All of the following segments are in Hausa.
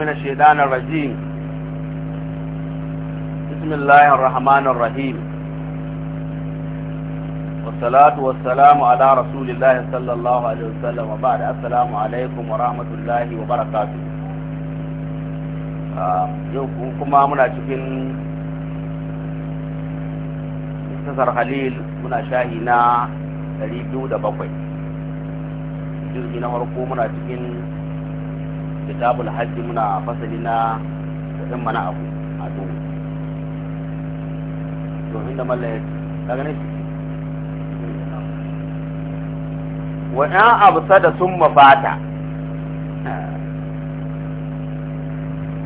من الشيطان الرجيم بسم الله الرحمن الرحيم والصلاة والسلام على رسول الله صلى الله عليه وسلم وبعد السلام عليكم ورحمة الله وبركاته yau kuma muna cikin tasar halil muna shahi na 207 jirgi na farko muna cikin kitabul hajji muna fasali na kuɗin mana abu a to domin da malla daga ne wa ɗan abta da sun mafata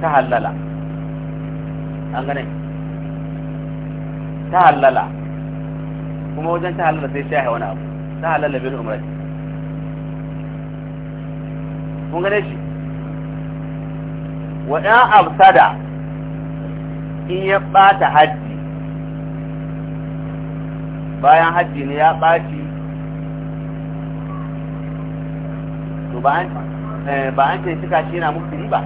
ta hallala an gane ta hallala kuma wajen ta hallala sai shahe wani abu ta hallala bin umrati kun gane shi wa ɗan amsada in ya ɓata hajji bayan hajji ne ya ɓaci to ba an eh, ce cika shi na musulmi ba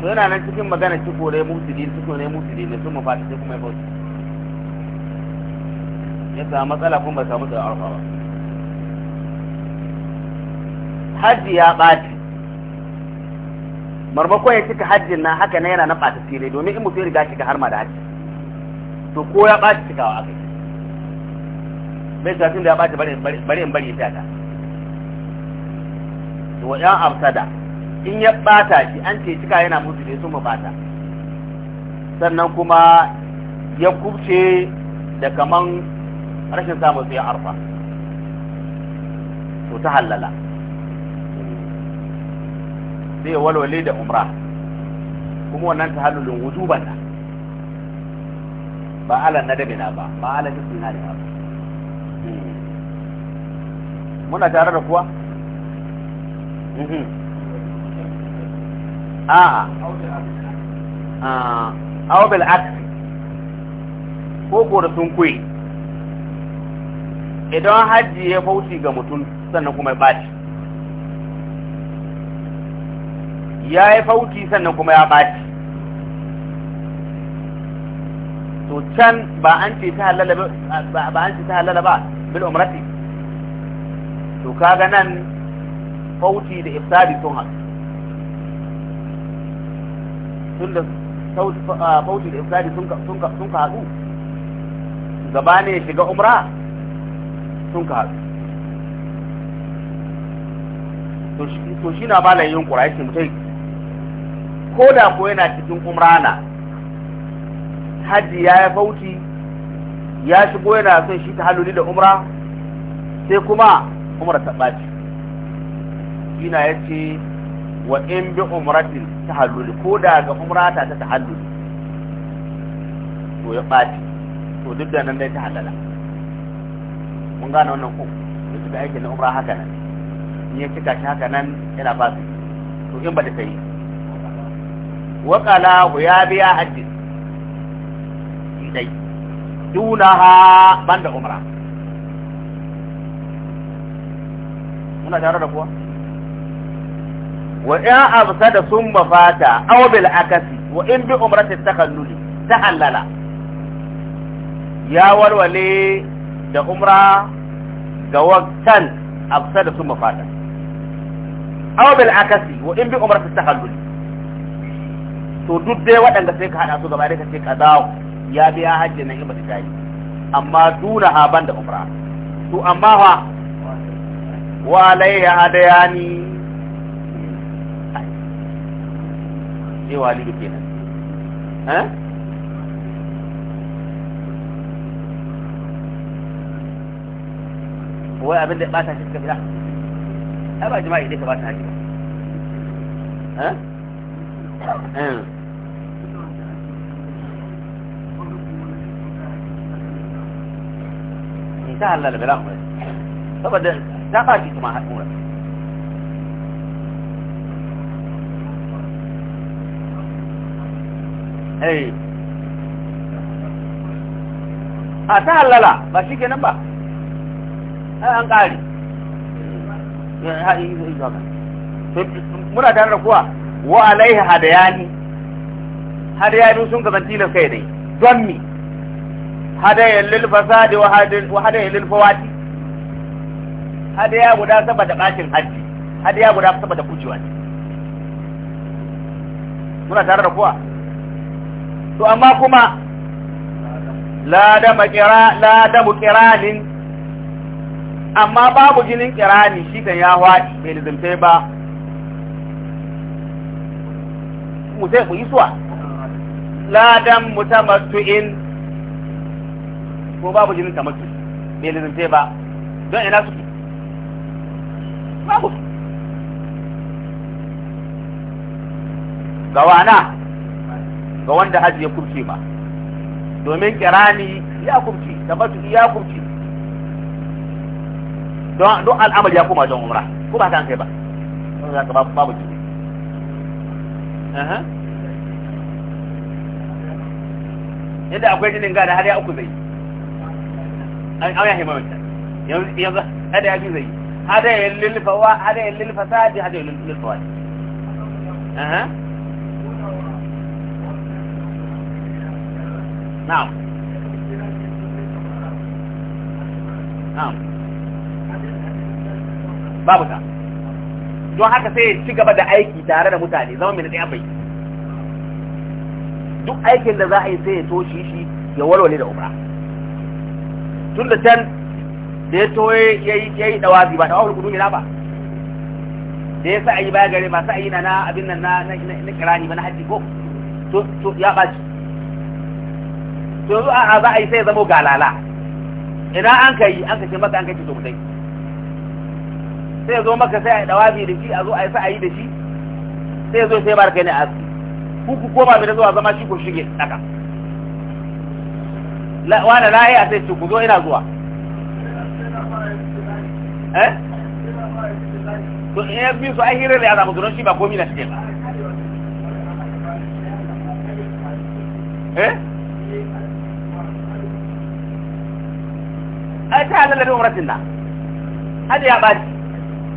to yana nan cikin magana ciko ne musulmi ciko ne musulmi ne sun mafata sai kuma ya bauta ya samu matsala kuma ba samu tsaron arfa ba hajji ya ɓaci marmakon ya cika hajjin na haka na yana na ɓata filai domin in mutum ya riga shiga har ma da hajji to ko ya ɓata cikawa aka yi bai shafin da ya ɓata bari in bari ya ta to wa ɗan absada in ya ɓata shi an ce cika yana mutu ne sun ɓata sannan kuma ya kubce da kaman rashin samun tsaye arfa to ta halala zai walwale da umra kuma wannan ta tahallulin wujuban na ba ala na ba ba ala da ba hmm. muna tare da kuwa mhm. a a aw bil ko ko da sun kuyi idan hajji ya fauci ga mutum sannan kuma ya baci ya yi fauti sannan kuma ya ɓaci to can ba an ce ta halala ba bil umrati to kaga nan fauti da ifsari sun haɗu tun da ah, fauti da ifsari sun ka haɗu gaba shiga umra sun ka haɗu to shi na malayin yin ƙura yake mutum ko da ko yana cikin umrana hajji ya yi bauti ya shigo yana son shi ta haloli da umra sai kuma umra ta ɓaci ina ya ce wa in bi umratin ta haloli ko da ga umrata ta ta haloli to ya ɓaci to duk da nan dai ta halala mun gane wannan ko da suka aikin na umra haka nan in ya cika shi haka nan yana ba su to in ba da ta yi waƙala ya biya hajji dai dunaha banda umra muna tare da kuwa wa in absa da sun mafata aw bil akasi wa in bi ya da umra ga waktan da sun aw bil akasi wa in bi umrati takalluli to duk dai waɗanda sai ka haɗa su gaba da ka ce qada'u ya biya hajji nan in ba ta yi amma duna ha da umra to amma fa wa alayhi hadayani sai da kenan eh wai abin da ba ta shi ka fida ai ba jima'i dai ka ba ta haji eh ta halala bala mu saboda ta kuma haɗura eh a ta halala ba shi kenan ba ai an ƙari muna tare da kuwa wa alaihi hadayani hadayani sun kasance tilas kai dai don mi hadayan lil fasadi wa hadayan lil fawati hadaya guda saba da bacin haji hadaya guda saba da kucewa ne muna tare da kuwa to amma kuma la da makira la da amma babu jinin kirani shi kan ya hwadi bai lizimtai ba mu zai mu yi suwa ladan mutamattu'in ko babu jinin tamattu bai lizinte ba don ina su babu Gawana ga wanda hajji ya kurce ma domin kirani ya kurce tamattu ya kurce don al'amari ya koma don umra ko ba ta kai ba babu jini yadda akwai jinin gada har ya uku zai an ya yanzu hada ya fi zai hada ya lullufa wa hada ya lullufa sa'adi hada ya wa na'am na'am babu don haka sai ya ci gaba da aiki tare da mutane zama mai ɗaya bai duk aikin da za a yi sai ya toshi shi ya walwale da umra tun da can da ya toye ya yi dawazi ba ɗawar kudu ina ba da ya sa'ayi baya gare ba sa'ayi na na abin nan na kirani ba na haji ko to ya ɓaci to yanzu a za a yi sai ya zama galala ina an ka yi an ka ce maka an ka ce to mutai sai zo maka sai a yi dawabi da shi a zo a yi sa'ayi da shi sai ya zo sai barka ne a ku ku koma mai zuwa zama shi ku shige tsaka wani na yi a sai ku zo ina zuwa eh to in ya bi su ai hirar da ya zama zuwa shi ba komi na shige ba eh ai ta halalar umratin da hada ya ɓaci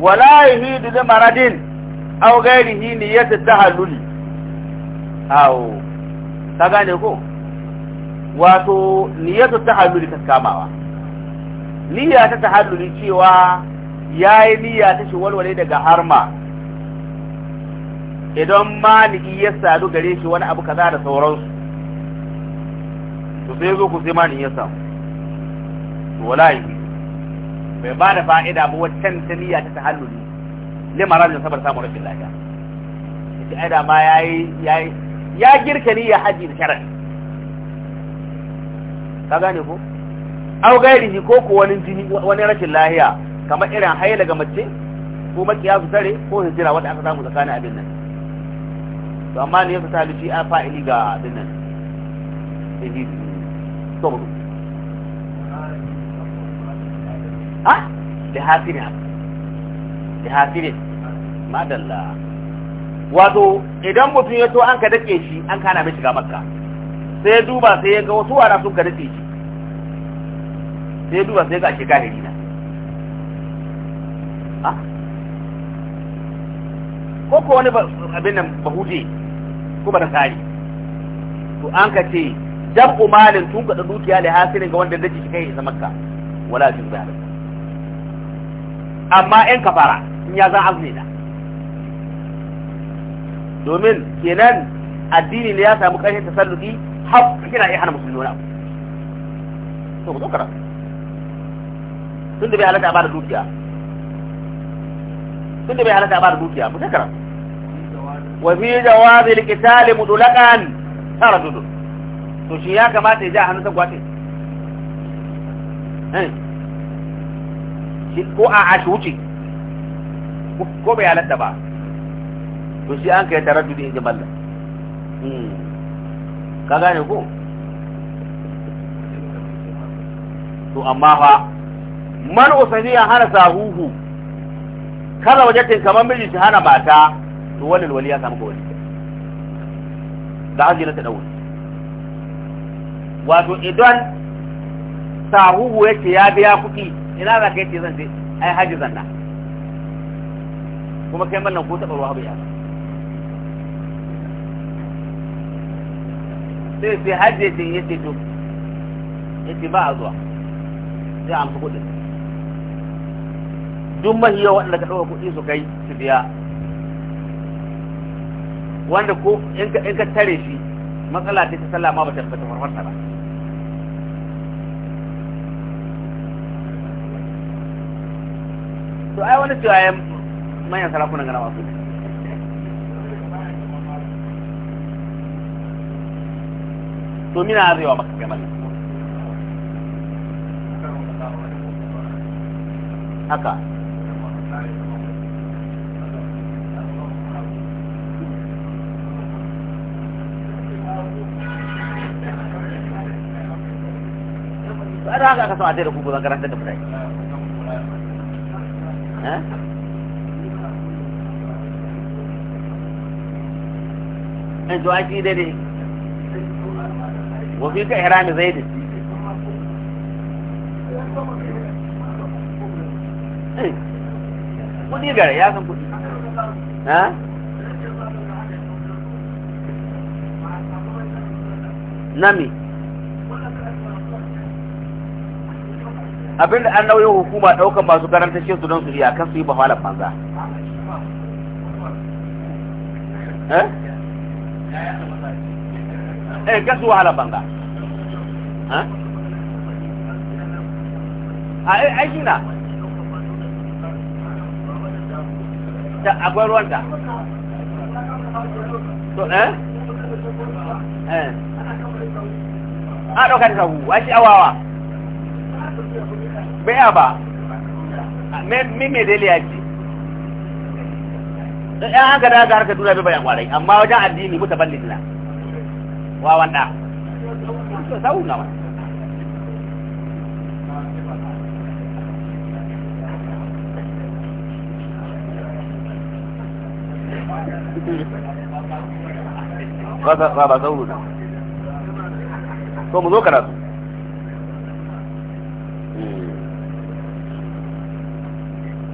wala hidu da maradin aw ta niyyatu tahalluli aw ta gane ko wato niyyatu tahalluli ta kamawa niyya ta tahalluli cewa yayi niyya ta shi walwale daga harma idan ma ni ya sadu gare shi wani abu kaza da sauransu to sai zo ku sai ni ya samu wala yi bai ba da fa'ida ba wata ta ta tahalluli limarar da sabar samun rashin lafiya ita aida ma yayi yayi ya girka ya haji da sharar ka gane ko au gairi ko ko wani jini wani rashin lahiya kamar irin haila ga mace ko makiya su tare ko hijira wanda aka samu tsakanin abin nan to amma ne ya fita lushi a fa'ili ga abin nan to ha da hasirin da madalla wato idan mutum ya to an ka dake shi an kana mai shiga makka sai ya duba sai ya ga wasu wara sun ka dake shi sai ya duba sai ga shiga kahiri na ko ko wani abin nan bahuje ko ba da tsari to an ka ce jam'u malin tun kaɗa dukiya da hasirin ga wanda zai shi kai isa makka wala jin su. amma yan kafara in ya zan azumi na domin kenan addini ne ya samu ƙarshen tasalluki har kina iya hana musulmi wani abu to ku zo karatu tun da bai halatta ba da dukiya tun da bai halatta ba da dukiya mu takara wa fi jawazi alqital mutlaqan taradudu to shi ya kamata ya ja hannun sa gwate eh ko a a shi wuce ko bai halatta ba to shi an kai tarar in ji mallam hmm. ka gane ko to amma fa man ya hana sahuhu kala wajatin kamar miji shi hana mata to wannan wali ya samu wali da azina ta dawo wato idan sahuhu yake ya biya kuɗi ina za ka yi ce zan je ai haji zanna kuma kai mallan ko taɓa ruwa bai sai sai haji ce ya ce to ya ce ba a zuwa sai an amsa kuɗin duk mahiya waɗanda ka ɗaura kuɗi su kai su biya wanda ko in ka tare shi matsala ta ta sallah ma ba ta farfarta ba to ai wani cewa a manyan sarakunan gana masu to mina zai maka game da haka ba da haka aka sa a da da in dare wafi ka eh? kudi ya san kudi ha nami abin da an nauyin hukuma daukan masu karanta garantashe su don su iya kan su yi ba halar banza eh? eh kan su wahalar banza eh? a eh, aiki na ta akwai ta to eh eh a ɗaukar hu a shi awawa baya ba me me dele yake dan an ga daga harka duniya bai bayan kwarai amma wajen addini mutaballid na wa wanda na wani ba ba sauru na mu zo karatu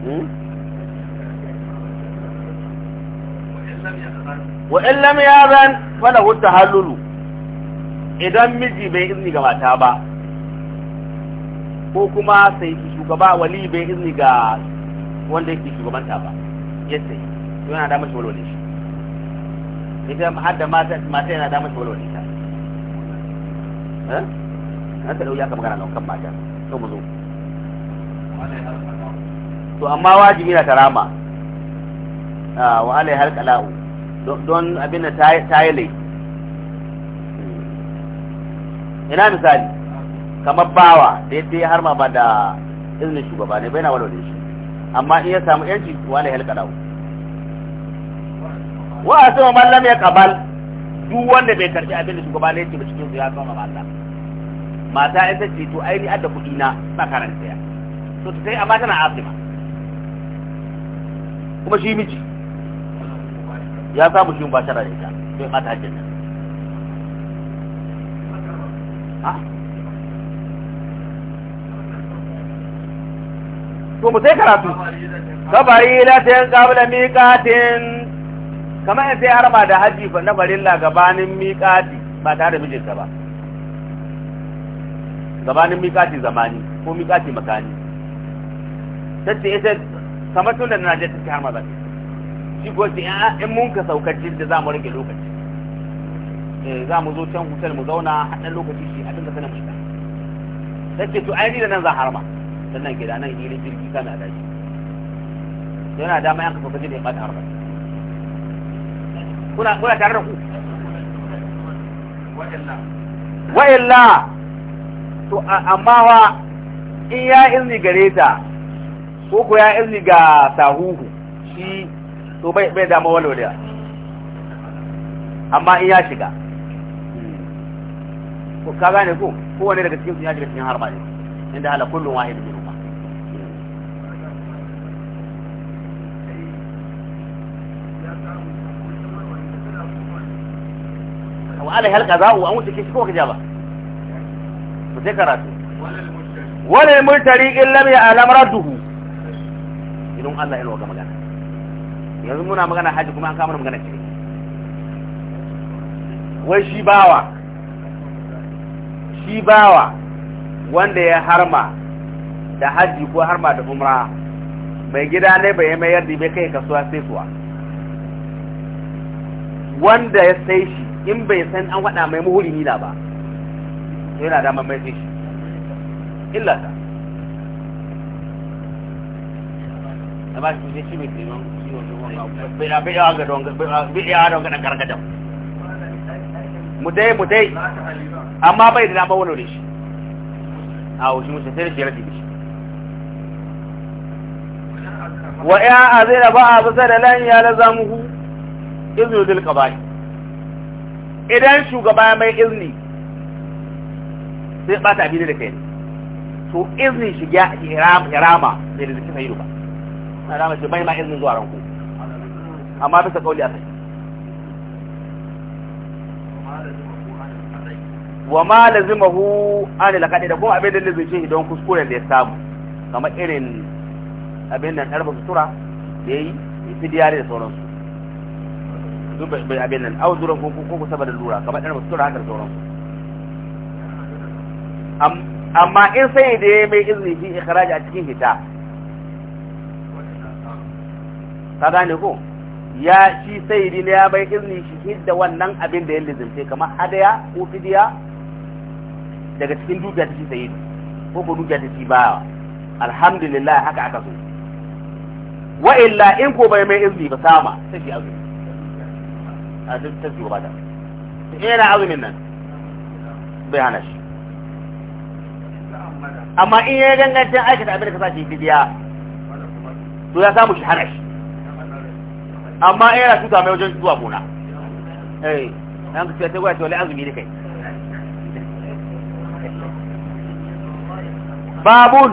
wa'in lam ya zan fala wuta halulu idan miji bai izini ga mata ba ko kuma sai shugaba wali bai izini ga wanda yake shugabanta ba ya sai yana da mashi walwale shi idan har da mata yana da mashi walwale ta eh an ta dauya ka magana kan mata to mu zo to amma wajibi na karama ah, wa alai har kala'u don abin da ta yi lai ina misali kamar bawa da ya har harma ba da izinin shugaba ne bai na walwale shi amma in ya samu yanci wa alai har kala'u wa a sama mallam ya kabal duk wanda bai karfi abin da shugaba ne ce ba cikin su ya sama mallam mata ita ce to ai ni adda kuɗi na ba karanta ya to sai amma tana asima kuma shi miji ya samu shi mubashara da ita sai fata hajjin nan to mu sai karatu kabari latin kabla miƙatin kamar in sai harba da haji na farilla gabanin miƙati ba tare da mijinta ba gabanin miƙati zamani ko miƙati makani ta ita kamar tun da na je ta har maza shi ko shi in mun ka saukar jidda za mu rage lokaci eh za mu zo can hotel mu zauna har dan lokaci shi a dinga sanin mu ta ce to ai da nan za harma Sannan gida nan gidan jirgi kana da shi yana da mai an kafa da ya bata harma kuna kuna tare da ku wa illa to amma wa in ya izini gare ta ko ko ya izini ga sahuhu shi to bai bai dama walwala amma in ya shiga ko ka gane ko wani daga cikin su ya shiga cikin harba ne inda ala kullum wahid min ma wa ala halqa za'u an wuce kishi ko ka jaba mu sai karatu wala al-mujtari in bi alam radduhu don Allah ya ga magana yanzu muna magana haji kuma an kama magana ce wai shi bawa shi bawa wanda ya harma da haji ko harma da umra mai gida ne bai yi mayar da bai kai kasuwa sai suwa wanda ya sai shi in bai san an wada mai muhuri nila ba yana da mai sai shi illa da ba shi zai cibe ke don bida bida ga don bida don gadan gargadan mu dai mu dai amma bai da ba wani shi a wuce mu sai da shi rabi shi wa ya azira ba a bisa da lan ya lazamuhu iznu dil qabai idan shugaba mai izini sai bata abin da kai to iznin shi ya irama bai da kisa yi ba na rama ce bai ma izinin zuwa ranko amma bisa kauli a sai wa ma lazimahu an laqadi da kuma abin da lazimce shi don kuskuren da ya samu kamar irin abin nan ɗarfa sutura da fi fidiyare da sauransu duk bai abin nan au duran ko ko ko da lura kamar ɗarfa sutura haka da sauransu amma in sai da ya mai izini shi ikhraji a cikin hita ka gane ko ya shi sai ne ya bai izini shi hidda wannan abin da ya lizince kamar hadaya ko fidiya daga cikin dukiya ta shi sai ko ko dukiya ta shi ba alhamdulillah haka aka so wa illa in ko bai mai izini ba sama sai shi azumi a duk ta zuwa ba ta ina eh, azumin nan bai hana shi amma in ya gangantar aikata abin da ka sa shi fidiya to ya samu shi hana shi amma yana tuta mai wajen zuwa gona eh an ka ce ta gwaya tole azumi da kai babun